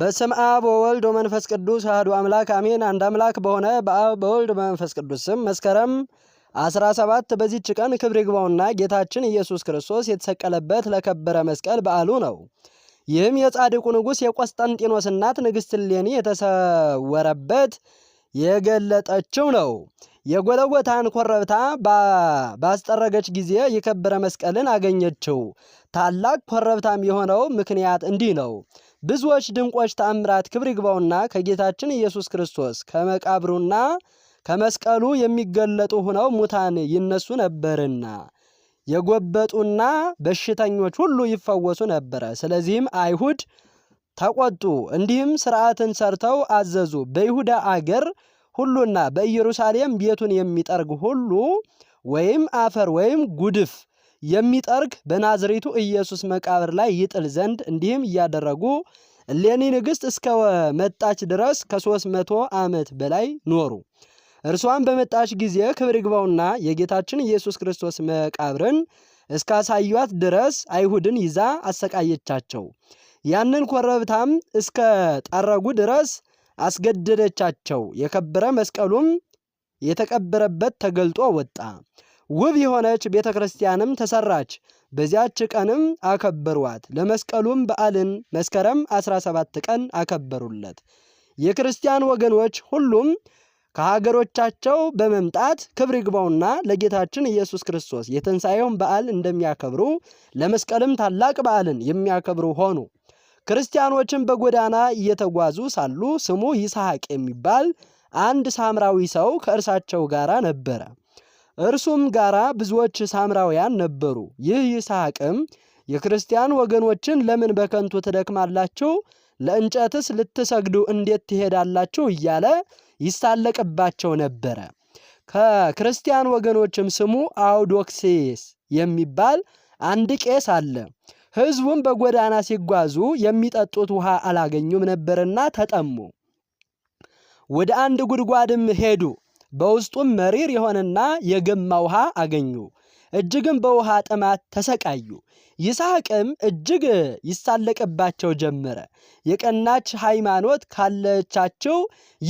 በስም አብ ወወልድ ወመንፈስ ቅዱስ አህዱ አምላክ አሜን። አንድ አምላክ በሆነ በአብ በወልድ በመንፈስ ቅዱስ ስም መስከረም 17 በዚች ቀን ክብር ይግባውና ጌታችን ኢየሱስ ክርስቶስ የተሰቀለበት ለከበረ መስቀል በዓሉ ነው። ይህም የጻድቁ ንጉሥ የቆስጠንጢኖስ እናት ንግሥት እሌኒ የተሰወረበት የገለጠችው ነው። የጎለጎታን ኮረብታ ባስጠረገች ጊዜ የከበረ መስቀልን አገኘችው። ታላቅ ኮረብታም የሆነው ምክንያት እንዲህ ነው። ብዙዎች ድንቆች ተአምራት ክብር ይግባውና ከጌታችን ኢየሱስ ክርስቶስ ከመቃብሩና ከመስቀሉ የሚገለጡ ሆነው ሙታን ይነሱ ነበርና የጎበጡና በሽተኞች ሁሉ ይፈወሱ ነበረ። ስለዚህም አይሁድ ተቆጡ፣ እንዲህም ሥርዓትን ሰርተው አዘዙ። በይሁዳ አገር ሁሉና በኢየሩሳሌም ቤቱን የሚጠርግ ሁሉ ወይም አፈር ወይም ጉድፍ የሚጠርግ በናዝሬቱ ኢየሱስ መቃብር ላይ ይጥል ዘንድ እንዲህም እያደረጉ እሌኒ ንግሥት እስከ መጣች ድረስ ከ መቶ ዓመት በላይ ኖሩ። እርሷን በመጣች ጊዜ ክብር ይግባውና የጌታችን ኢየሱስ ክርስቶስ መቃብርን እስካሳዩት ድረስ አይሁድን ይዛ አሰቃየቻቸው። ያንን ኮረብታም እስከ ጠረጉ ድረስ አስገደደቻቸው። የከበረ መስቀሉም የተቀበረበት ተገልጦ ወጣ። ውብ የሆነች ቤተ ክርስቲያንም ተሰራች። በዚያች ቀንም አከበሯት። ለመስቀሉም በዓልን መስከረም 17 ቀን አከበሩለት። የክርስቲያን ወገኖች ሁሉም ከሀገሮቻቸው በመምጣት ክብር ይግባውና ለጌታችን ኢየሱስ ክርስቶስ የትንሣኤውን በዓል እንደሚያከብሩ ለመስቀልም ታላቅ በዓልን የሚያከብሩ ሆኑ። ክርስቲያኖችን በጎዳና እየተጓዙ ሳሉ ስሙ ይስሐቅ የሚባል አንድ ሳምራዊ ሰው ከእርሳቸው ጋር ነበረ። እርሱም ጋራ ብዙዎች ሳምራውያን ነበሩ። ይህ ይስሐቅም የክርስቲያን ወገኖችን ለምን በከንቱ ትደክማላችሁ? ለእንጨትስ ልትሰግዱ እንዴት ትሄዳላችሁ? እያለ ይሳለቅባቸው ነበረ። ከክርስቲያን ወገኖችም ስሙ አውዶክሴስ የሚባል አንድ ቄስ አለ። ሕዝቡም በጎዳና ሲጓዙ የሚጠጡት ውሃ አላገኙም ነበርና ተጠሙ። ወደ አንድ ጉድጓድም ሄዱ። በውስጡም መሪር የሆነና የገማ ውሃ አገኙ። እጅግም በውሃ ጥማት ተሰቃዩ። ይስሐቅም እጅግ ይሳለቅባቸው ጀመረ። የቀናች ሃይማኖት ካለቻቸው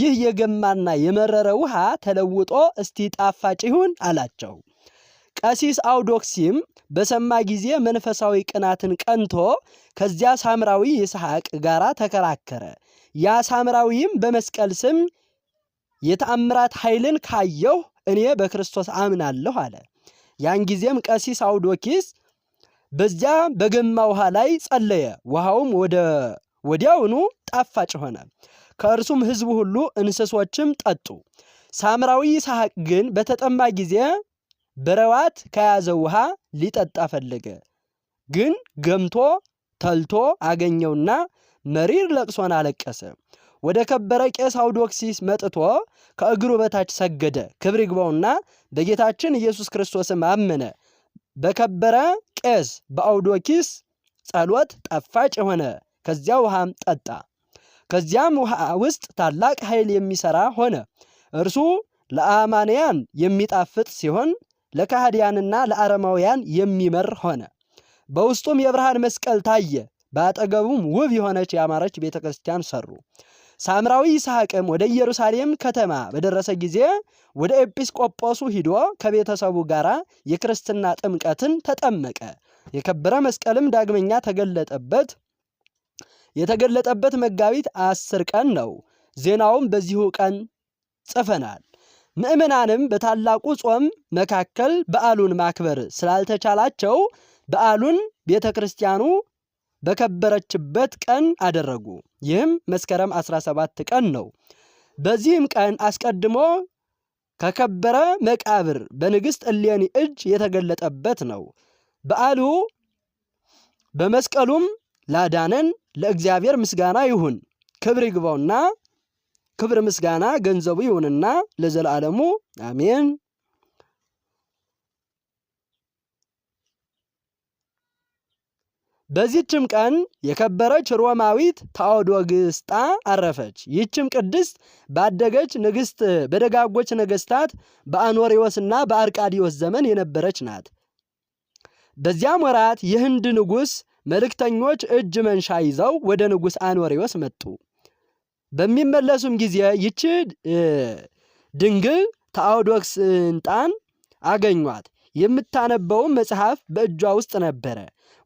ይህ የገማና የመረረ ውሃ ተለውጦ እስቲ ጣፋጭ ይሁን አላቸው። ቀሲስ አውዶክሲም በሰማ ጊዜ መንፈሳዊ ቅናትን ቀንቶ ከዚያ ሳምራዊ ይስሐቅ ጋር ተከራከረ። ያ ሳምራዊም በመስቀል ስም የተአምራት ኃይልን ካየሁ እኔ በክርስቶስ አምናለሁ አለ። ያን ጊዜም ቀሲስ አውዶኪስ በዚያ በገማ ውሃ ላይ ጸለየ። ውሃውም ወደ ወዲያውኑ ጣፋጭ ሆነ። ከእርሱም ሕዝቡ ሁሉ እንስሶችም ጠጡ። ሳምራዊ ይስሐቅ ግን በተጠማ ጊዜ በረዋት ከያዘው ውሃ ሊጠጣ ፈለገ። ግን ገምቶ ተልቶ አገኘውና መሪር ለቅሶን አለቀሰ። ወደ ከበረ ቄስ አውዶክሲስ መጥቶ ከእግሩ በታች ሰገደ። ክብር ይግባውና በጌታችን ኢየሱስ ክርስቶስም አመነ። በከበረ ቄስ በአውዶኪስ ጸሎት ጣፋጭ ሆነ። ከዚያ ውሃም ጠጣ። ከዚያም ውሃ ውስጥ ታላቅ ኃይል የሚሰራ ሆነ። እርሱ ለአማንያን የሚጣፍጥ ሲሆን ለካህዲያንና ለአረማውያን የሚመር ሆነ። በውስጡም የብርሃን መስቀል ታየ። በአጠገቡም ውብ የሆነች ያማረች ቤተ ክርስቲያን ሰሩ። ሳምራዊ ይስሐቅም ወደ ኢየሩሳሌም ከተማ በደረሰ ጊዜ ወደ ኤጲስቆጶሱ ሂዶ ከቤተሰቡ ጋር የክርስትና ጥምቀትን ተጠመቀ። የከበረ መስቀልም ዳግመኛ ተገለጠበት። የተገለጠበት መጋቢት አስር ቀን ነው። ዜናውም በዚሁ ቀን ጽፈናል። ምእመናንም በታላቁ ጾም መካከል በዓሉን ማክበር ስላልተቻላቸው በዓሉን ቤተ ክርስቲያኑ በከበረችበት ቀን አደረጉ። ይህም መስከረም 17 ቀን ነው። በዚህም ቀን አስቀድሞ ከከበረ መቃብር በንግሥት እሌኒ እጅ የተገለጠበት ነው። በዓሉ በመስቀሉም ላዳነን ለእግዚአብሔር ምስጋና ይሁን፣ ክብር ይግባውና ክብር ምስጋና ገንዘቡ ይሁንና ለዘላለሙ አሜን። በዚህችም ቀን የከበረች ሮማዊት ታኦዶግስጣ አረፈች። ይህችም ቅድስት ባደገች ንግሥት በደጋጎች ነገሥታት በአኖሪዎስና በአርቃዲዎስ ዘመን የነበረች ናት። በዚያም ወራት የህንድ ንጉሥ መልእክተኞች እጅ መንሻ ይዘው ወደ ንጉሥ አኖሪዎስ መጡ። በሚመለሱም ጊዜ ይቺ ድንግል ታኦዶክስንጣን አገኟት። የምታነበውም መጽሐፍ በእጇ ውስጥ ነበረ።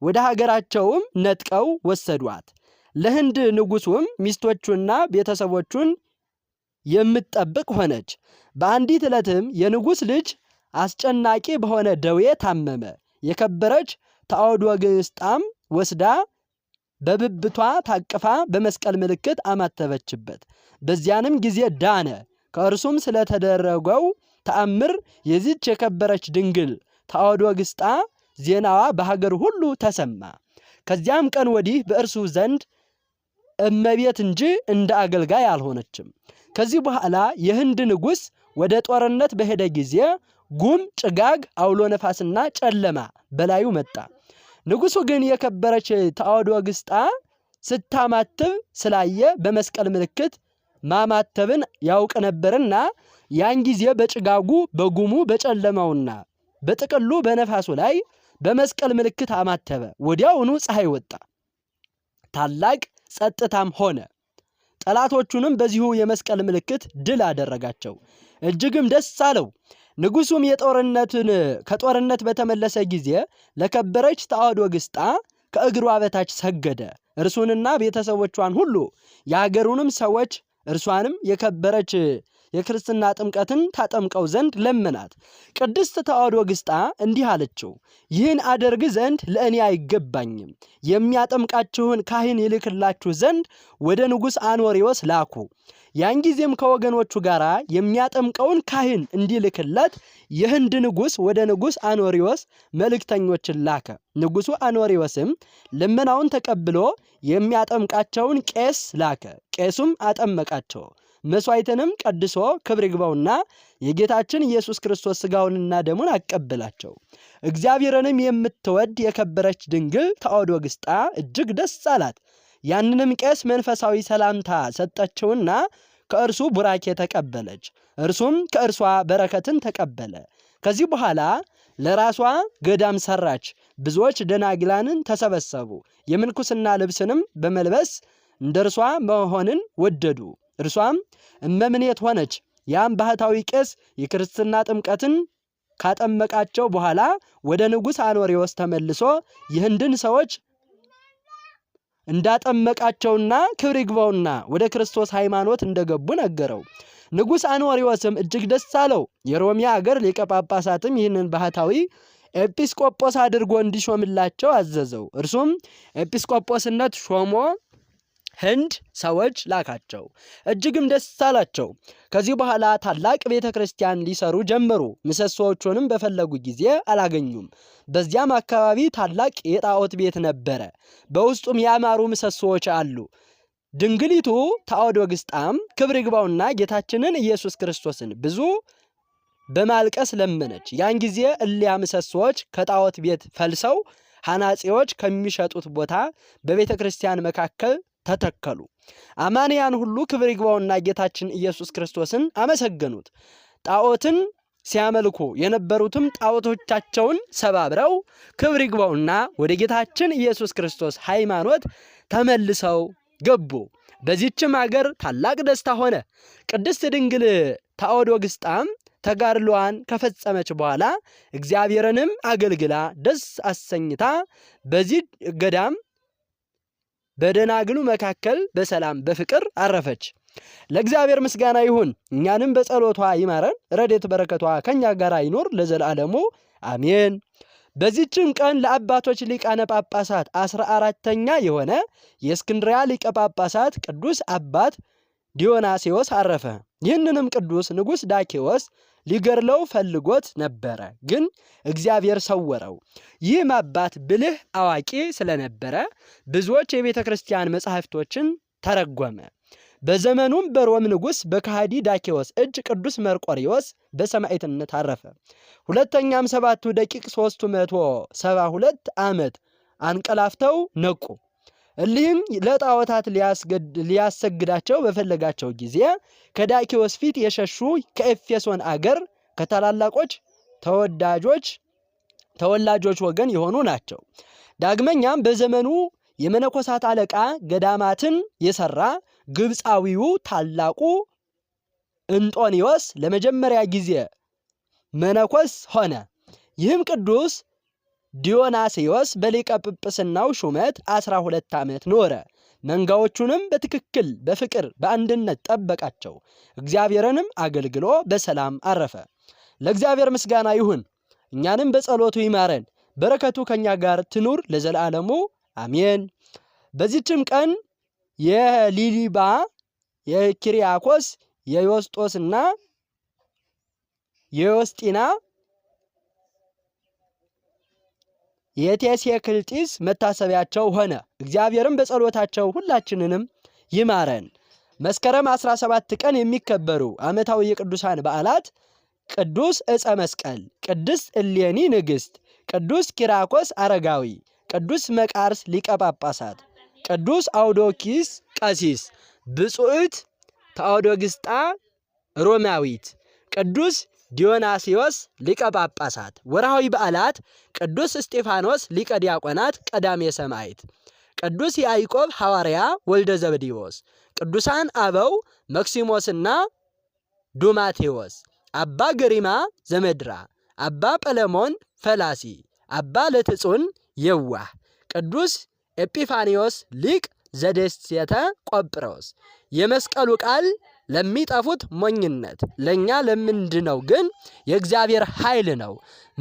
ወደ ሀገራቸውም ነጥቀው ወሰዷት። ለህንድ ንጉሱም ሚስቶቹና ቤተሰቦቹን የምትጠብቅ ሆነች። በአንዲት ዕለትም የንጉሥ ልጅ አስጨናቂ በሆነ ደዌ ታመመ። የከበረች ታኦዶግስጣም ወስዳ በብብቷ ታቅፋ በመስቀል ምልክት አማተበችበት። በዚያንም ጊዜ ዳነ። ከእርሱም ስለተደረገው ተአምር የዚች የከበረች ድንግል ታኦዶግስጣ ዜናዋ በሀገር ሁሉ ተሰማ። ከዚያም ቀን ወዲህ በእርሱ ዘንድ እመቤት እንጂ እንደ አገልጋይ አልሆነችም። ከዚህ በኋላ የህንድ ንጉሥ ወደ ጦርነት በሄደ ጊዜ ጉም፣ ጭጋግ፣ አውሎ ነፋስና ጨለማ በላዩ መጣ። ንጉሡ ግን የከበረች ታኦዶግስጣ ስታማትብ ስላየ በመስቀል ምልክት ማማተብን ያውቅ ነበርና ያን ጊዜ በጭጋጉ በጉሙ በጨለማውና በጥቅሉ በነፋሱ ላይ በመስቀል ምልክት አማተበ። ወዲያውኑ ፀሐይ ወጣ፣ ታላቅ ጸጥታም ሆነ። ጠላቶቹንም በዚሁ የመስቀል ምልክት ድል አደረጋቸው፣ እጅግም ደስ አለው። ንጉሱም የጦርነትን ከጦርነት በተመለሰ ጊዜ ለከበረች ታኦዶግስጣ ከእግሯ በታች ሰገደ። እርሱንና ቤተሰቦቿን ሁሉ የአገሩንም ሰዎች እርሷንም የከበረች የክርስትና ጥምቀትን ታጠምቀው ዘንድ ለመናት። ቅድስት ተዋሕዶ ግስጣ እንዲህ አለችው፣ ይህን አደርግ ዘንድ ለእኔ አይገባኝም። የሚያጠምቃችሁን ካህን ይልክላችሁ ዘንድ ወደ ንጉሥ አኖሪዎስ ላኩ። ያን ጊዜም ከወገኖቹ ጋር የሚያጠምቀውን ካህን እንዲልክለት የህንድ ንጉሥ ወደ ንጉሥ አኖሪዎስ መልእክተኞችን ላከ። ንጉሡ አኖሪዎስም ልመናውን ተቀብሎ የሚያጠምቃቸውን ቄስ ላከ። ቄሱም አጠመቃቸው። መሥዋዕትንም ቀድሶ ክብር ይግባውና የጌታችን ኢየሱስ ክርስቶስ ሥጋውንና ደሙን አቀበላቸው። እግዚአብሔርንም የምትወድ የከበረች ድንግል ታኦዶግስጣ እጅግ ደስ አላት። ያንንም ቄስ መንፈሳዊ ሰላምታ ሰጠችውና ከእርሱ ቡራኬ ተቀበለች። እርሱም ከእርሷ በረከትን ተቀበለ። ከዚህ በኋላ ለራሷ ገዳም ሰራች። ብዙዎች ደናግላንን ተሰበሰቡ። የምንኩስና ልብስንም በመልበስ እንደ እርሷ መሆንን ወደዱ። እርሷም እመምኔት ሆነች። ያም ባህታዊ ቄስ የክርስትና ጥምቀትን ካጠመቃቸው በኋላ ወደ ንጉሥ አኖሪዎስ ተመልሶ የህንድን ሰዎች እንዳጠመቃቸውና ክብር ይግባውና ወደ ክርስቶስ ሃይማኖት እንደገቡ ነገረው። ንጉሥ አኖሪዎስም እጅግ ደስ አለው። የሮሚያ አገር ሊቀ ጳጳሳትም ይህንን ባህታዊ ኤጲስቆጶስ አድርጎ እንዲሾምላቸው አዘዘው። እርሱም ኤጲስቆጶስነት ሾሞ ህንድ ሰዎች ላካቸው። እጅግም ደስ አላቸው። ከዚህ በኋላ ታላቅ ቤተ ክርስቲያን ሊሰሩ ጀመሩ። ምሰሶዎቹንም በፈለጉ ጊዜ አላገኙም። በዚያም አካባቢ ታላቅ የጣዖት ቤት ነበረ። በውስጡም ያማሩ ምሰሶዎች አሉ። ድንግሊቱ ታኦዶግስጣም ክብር ይግባውና ጌታችንን ኢየሱስ ክርስቶስን ብዙ በማልቀስ ለመነች። ያን ጊዜ እሊያ ምሰሶዎች ከጣዖት ቤት ፈልሰው ሐናጺዎች ከሚሸጡት ቦታ በቤተ ክርስቲያን መካከል ተተከሉ። አማንያን ሁሉ ክብር ይግባውና ጌታችን ኢየሱስ ክርስቶስን አመሰገኑት። ጣዖትን ሲያመልኩ የነበሩትም ጣዖቶቻቸውን ሰባብረው ክብር ይግባውና ወደ ጌታችን ኢየሱስ ክርስቶስ ሃይማኖት ተመልሰው ገቡ። በዚችም አገር ታላቅ ደስታ ሆነ። ቅድስት ድንግል ታኦዶግስጣም ተጋድሏዋን ከፈጸመች በኋላ እግዚአብሔርንም አገልግላ ደስ አሰኝታ በዚህ ገዳም በደናግሉ መካከል በሰላም በፍቅር አረፈች። ለእግዚአብሔር ምስጋና ይሁን፣ እኛንም በጸሎቷ ይማረን፣ ረዴት በረከቷ ከእኛ ጋር ይኖር ለዘላለሙ አሜን። በዚህችም ቀን ለአባቶች ሊቃነ ጳጳሳት አስራ አራተኛ የሆነ የእስክንድሪያ ሊቀ ጳጳሳት ቅዱስ አባት ዲዮናሴዎስ አረፈ። ይህንንም ቅዱስ ንጉሥ ዳኬዎስ ሊገድለው ፈልጎት ነበረ፣ ግን እግዚአብሔር ሰወረው። ይህም አባት ብልህ አዋቂ ስለነበረ ብዙዎች የቤተ ክርስቲያን መጻሕፍቶችን ተረጎመ። በዘመኑም በሮም ንጉሥ በካሃዲ ዳኬዎስ እጅ ቅዱስ መርቆሪዎስ በሰማዕትነት አረፈ። ሁለተኛም ሰባቱ ደቂቅ ሦስቱ መቶ ሰባ ሁለት ዓመት አንቀላፍተው ነቁ። እሊህም ለጣዖታት ሊያሰግዳቸው በፈለጋቸው ጊዜ ከዳኪዎስ ፊት የሸሹ ከኤፌሶን አገር ከታላላቆች ተወዳጆች ተወላጆች ወገን የሆኑ ናቸው። ዳግመኛም በዘመኑ የመነኮሳት አለቃ ገዳማትን የሰራ ግብፃዊው ታላቁ እንጦኒዎስ ለመጀመሪያ ጊዜ መነኮስ ሆነ። ይህም ቅዱስ ዲዮናስዮስ በሊቀ ጵጵስናው ሹመት አስራ ሁለት ዓመት ኖረ። መንጋዎቹንም በትክክል በፍቅር በአንድነት ጠበቃቸው። እግዚአብሔርንም አገልግሎ በሰላም አረፈ። ለእግዚአብሔር ምስጋና ይሁን፣ እኛንም በጸሎቱ ይማረን። በረከቱ ከእኛ ጋር ትኑር ለዘላለሙ አሜን። በዚችም ቀን የሊሊባ የኪሪያኮስ የዮስጦስና የዮስጢና ክልጢስ መታሰቢያቸው ሆነ። እግዚአብሔርም በጸሎታቸው ሁላችንንም ይማረን። መስከረም 17 ቀን የሚከበሩ ዓመታዊ የቅዱሳን በዓላት ቅዱስ ዕፀ መስቀል፣ ቅድስት እሌኒ ንግሥት፣ ቅዱስ ኪራኮስ አረጋዊ፣ ቅዱስ መቃርስ ሊቀ ጳጳሳት፣ ቅዱስ አውዶኪስ ቀሲስ፣ ብፁዕት ተአውዶግስጣ ሮማዊት፣ ቅዱስ ዲዮናሲዮስ ሊቀ ጳጳሳት። ወርሃዊ በዓላት ቅዱስ እስጢፋኖስ ሊቀ ዲያቆናት ቀዳሜ ሰማዕት፣ ቅዱስ ያዕቆብ ሐዋርያ ወልደ ዘብዴዎስ፣ ቅዱሳን አበው መክሲሞስና ዱማቴዎስ፣ አባ ገሪማ ዘመድራ፣ አባ ጰለሞን ፈላሲ፣ አባ ለትጹን የዋህ፣ ቅዱስ ኤጲፋንዮስ ሊቅ ዘደሴተ ቆጵሮስ። የመስቀሉ ቃል ለሚጠፉት ሞኝነት፣ ለእኛ ለምንድነው ግን የእግዚአብሔር ኃይል ነው።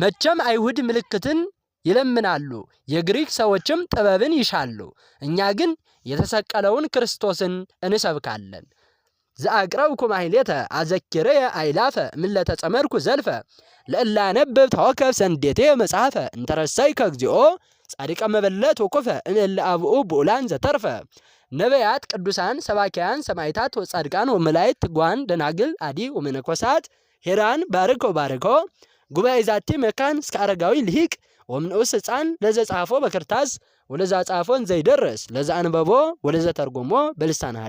መቼም አይሁድ ምልክትን ይለምናሉ፣ የግሪክ ሰዎችም ጥበብን ይሻሉ። እኛ ግን የተሰቀለውን ክርስቶስን እንሰብካለን። ዘአቅረብኩ ማሕሌተ አዘኪርየ አይላፈ ምለተጸመርኩ ዘልፈ ለእላነብብ ተወከብ ሰንዴቴ መጽሐፈ እንተረሳይ ከእግዚኦ ጻድቀ መበለት ወቁፈ እምእለ አብኡ ብኡላን ዘተርፈ ነቢያት፣ ቅዱሳን፣ ሰባኪያን፣ ሰማይታት ወጻድቃን ወመላእክት፣ ትጓን፣ ደናግል፣ አዲ ወመነኮሳት ሄራን ባርኮ ባርኮ ጉባኤ ዛቲ መካን እስከ አረጋዊ ልሂቅ ወምንኡስ ህፃን ለዘ ጻፎ በክርታስ ወለዛ ጻፎን ዘይደረስ ለዛ አንበቦ ወለዘ ተርጎሞ በልሳን